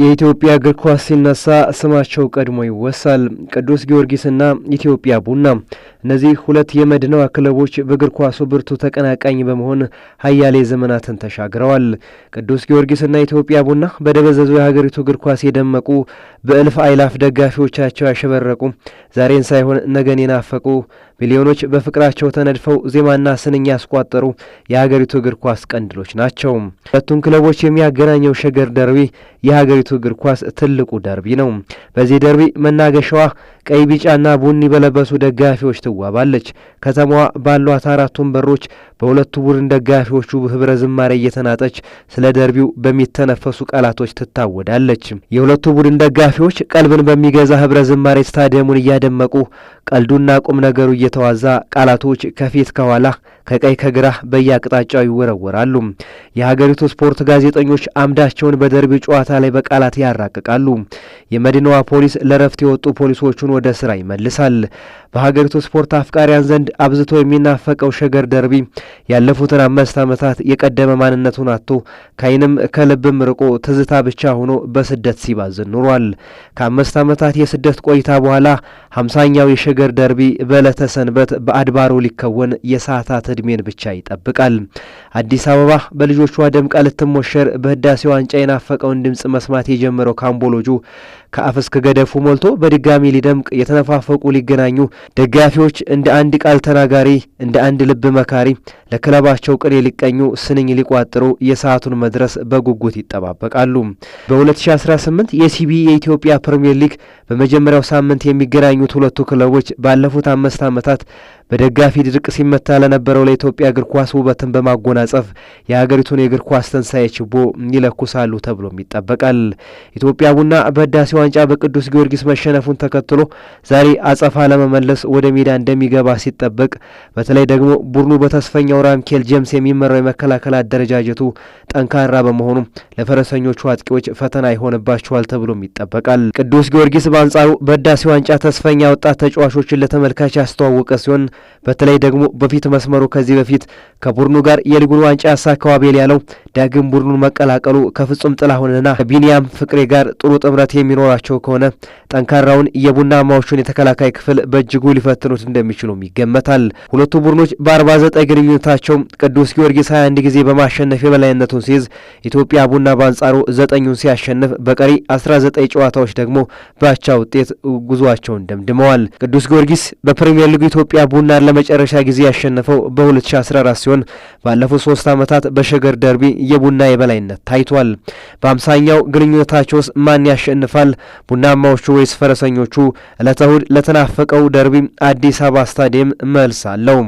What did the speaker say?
የኢትዮጵያ እግር ኳስ ሲነሳ ስማቸው ቀድሞ ይወሳል። ቅዱስ ጊዮርጊስና ኢትዮጵያ ቡና እነዚህ ሁለት የመድነዋ ክለቦች በእግር ኳሱ ብርቱ ተቀናቃኝ በመሆን ሀያሌ ዘመናትን ተሻግረዋል። ቅዱስ ጊዮርጊስና ኢትዮጵያ ቡና በደበዘዙ የሀገሪቱ እግር ኳስ የደመቁ በእልፍ አይላፍ ደጋፊዎቻቸው ያሸበረቁ ዛሬን ሳይሆን ነገን የናፈቁ ሚሊዮኖች በፍቅራቸው ተነድፈው ዜማና ስንኝ ያስቋጠሩ የሀገሪቱ እግር ኳስ ቀንድሎች ናቸው። ሁለቱን ክለቦች የሚያገናኘው ሸገር ደርቢ የሀገሪቱ እግር ኳስ ትልቁ ደርቢ ነው። በዚህ ደርቢ መናገሻዋ ቀይ ቢጫና ቡኒ በለበሱ ደጋፊዎች ትዋባለች። ከተማዋ ባሏት አራቱን በሮች በሁለቱ ቡድን ደጋፊዎቹ ህብረ ዝማሬ እየተናጠች ስለ ደርቢው በሚተነፈሱ ቃላቶች ትታወዳለች። የሁለቱ ቡድን ደጋፊዎች ቀልብን በሚገዛ ህብረ ዝማሬ ስታዲየሙን እያደመቁ ቀልዱና ቁም ነገሩ እየተዋዛ ቃላቶች ከፊት ከኋላ ከቀይ ከግራ በየአቅጣጫው ይወረወራሉ። የሀገሪቱ ስፖርት ጋዜጠኞች አምዳቸውን በደርቢ ጨዋታ ላይ በቃላት ያራቅቃሉ። የመዲናዋ ፖሊስ ለረፍት የወጡ ፖሊሶቹን ወደ ስራ ይመልሳል። በሀገሪቱ ስፖርት አፍቃሪያን ዘንድ አብዝቶ የሚናፈቀው ሸገር ደርቢ ያለፉትን አምስት ዓመታት የቀደመ ማንነቱን አጥቶ ከዓይንም ከልብም ርቆ ትዝታ ብቻ ሆኖ በስደት ሲባዝን ኑሯል። ከአምስት ዓመታት የስደት ቆይታ በኋላ ሀምሳኛው የሸገር ደርቢ በዕለተ ሰንበት በአድባሩ ሊከወን የሰዓታት እድሜን ብቻ ይጠብቃል። አዲስ አበባ በልጆቿ ደምቃ ልትሞሸር በህዳሴው ዋንጫ የናፈቀውን ድምፅ መስማት የጀመረው ካምቦሎጁ ከአፍ እስከ ገደፉ ሞልቶ በድጋሚ ሊደምቅ የተነፋፈቁ ሊገናኙ ደጋፊዎች እንደ አንድ ቃል ተናጋሪ እንደ አንድ ልብ መካሪ ለክለባቸው ቅኔ ሊቀኙ ስንኝ ሊቋጥሩ የሰዓቱን መድረስ በጉጉት ይጠባበቃሉ። በ2018 የሲቢ የኢትዮጵያ ፕሪምየር ሊግ በመጀመሪያው ሳምንት የሚገናኙት ሁለቱ ክለቦች ባለፉት አምስት ዓመታት በደጋፊ ድርቅ ሲመታ ለነበረው ለኢትዮጵያ እግር ኳስ ውበትን በማጎናጸፍ የሀገሪቱን የእግር ኳስ ትንሳኤ ችቦ ይለኩሳሉ ተብሎም ይጠበቃል። ኢትዮጵያ ቡና በህዳሴ ዋንጫ በቅዱስ ጊዮርጊስ መሸነፉን ተከትሎ ዛሬ አጸፋ ለመመለስ ወደ ሜዳ እንደሚገባ ሲጠበቅ፣ በተለይ ደግሞ ቡድኑ በተስፈኛው ራምኬል ጄምስ የሚመራው የመከላከል አደረጃጀቱ ጠንካራ በመሆኑም ለፈረሰኞቹ አጥቂዎች ፈተና ይሆንባቸዋል ተብሎም ይጠበቃል። ቅዱስ ጊዮርጊስ በአንጻሩ በህዳሴ ዋንጫ ተስፈኛ ወጣት ተጫዋቾችን ለተመልካች ያስተዋወቀ ሲሆን በተለይ ደግሞ በፊት መስመሩ ከዚህ በፊት ከቡድኑ ጋር የሊጉን ዋንጫ ያሳካው አቤል ያለው ዳግም ቡድኑን መቀላቀሉ ከፍጹም ጥላሁንና ቢንያም ፍቅሬ ጋር ጥሩ ጥምረት የሚኖራቸው ከሆነ ጠንካራውን የቡናማዎቹን የተከላካይ ክፍል በእጅጉ ሊፈትኑት እንደሚችሉም ይገመታል። ሁለቱ ቡድኖች በ49 ግንኙነታቸው ቅዱስ ጊዮርጊስ 21 ጊዜ በማሸነፍ የበላይነቱን ሲይዝ ኢትዮጵያ ቡና በአንጻሩ ዘጠኙን ሲያሸንፍ በቀሪ 19 ጨዋታዎች ደግሞ በአቻ ውጤት ጉዟቸውን ደምድመዋል። ቅዱስ ጊዮርጊስ በፕሪምየር ሊጉ ኢትዮጵያ ቡናን ለመጨረሻ ጊዜ ያሸነፈው በ2014 ሲሆን ባለፉት ሶስት ዓመታት በሸገር ደርቢ የቡና የበላይነት ታይቷል። በአምሳኛው ግንኙነታቸው ውስጥ ማን ያሸንፋል ቡናማዎቹ ፖሊስ ፈረሰኞቹ ዕለተ እሁድ ለተናፈቀው ደርቢ አዲስ አበባ ስታዲየም መልስ አለው።